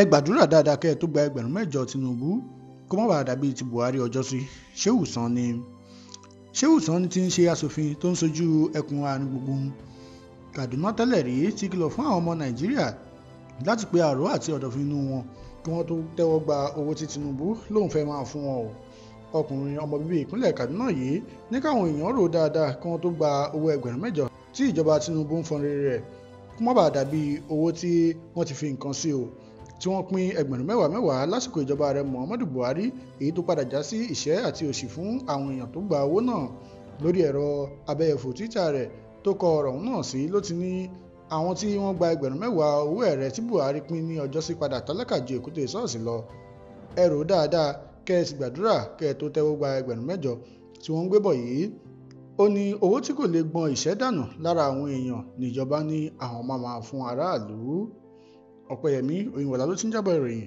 ẹ gbàdúrà dáadáa kẹ́ ẹ tó gba ẹgbẹ̀rún mẹ́jọ Tinubu kó má bàa dàbí ti Buhari ọjọ́ sí Shehu Sani Shehu Sani ti ń ṣe aṣòfin tó ń sojú ẹkùn àárín gbùngbùn Kaduna tẹ́lẹ̀ rí ti kìlọ̀ fún àwọn ọmọ Nàìjíríà láti pe àrò àti ọ̀dọ̀fin inú wọn kí wọ́n tó tẹ́wọ́ gba owó tí Tinubu lòun fẹ́ máa fún wọn o ọkùnrin ọmọ bíbí ìpínlẹ̀ Kaduna yìí ní káwọn èèyàn rò dáadáa kí wọ́n tó gba owó ẹgbẹ̀rún mẹ́jọ tí ìjọba Tinubu ń fọn rere rẹ̀ kó má bàa dàbí owó tí wọ́n ti fi nǹkan sí o tí wọ́n pín ẹgbẹ̀rún mẹ́wàá mẹ́wàá lásìkò ìjọba ààrẹ Muhammadu Buhari èyí tó padà já sí ìṣẹ́ àti òṣì fún àwọn èèyàn tó gba owó náà lórí ẹ̀rọ abẹ́yẹfò Twitter rẹ̀ tó kọ ọ̀rọ̀ náà sí ló ti ní àwọn tí wọ́n gba ẹgbẹ̀rún mẹ́wàá owó ẹ̀rẹ́ tí Buhari pín ní ọjọ́sí padà tálákà ju èkúté ṣọ́ọ̀ṣì lọ ẹ rò dáadáa kẹ́ ẹ sì gbàdúrà kẹ́ ẹ tó tẹ́wọ́ gba ẹgbẹ̀rún mẹ́jọ tí wọ́n ń gbé bọ̀ yìí ó ní owó tí kò lè gbọn ìṣẹ́ dànù lára àwọn èèyàn níjọba ní àwọn máa máa fún aráàlú ọ̀pẹyẹmí òyìnbọ̀lá ló ti ń jábọ̀ ìròyìn